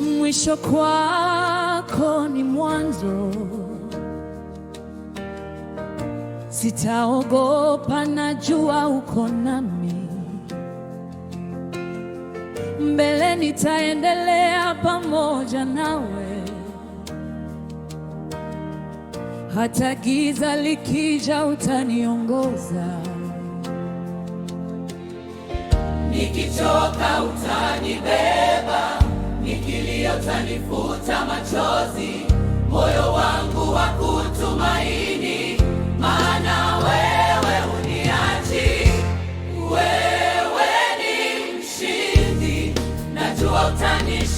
Mwisho kwako ni mwanzo, sitaogopa, najua uko nami, mbele nitaendelea kutembea pamoja nawe, hata giza likija utaniongoza, nikichoka utanibeba, nikilia utanifuta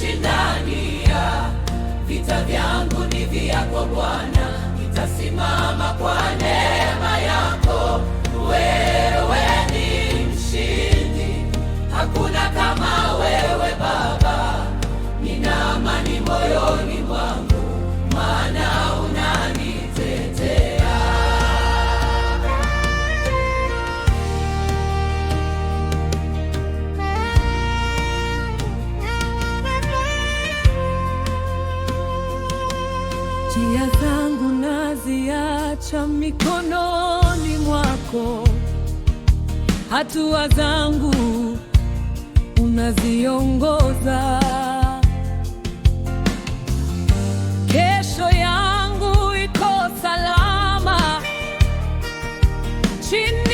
nitashindania, vita vyangu ni vyako Bwana, nitasimama kwa neema ya njia zangu naziacha mikononi mwako, hatua zangu unaziongoza. Kesho yangu iko salama chini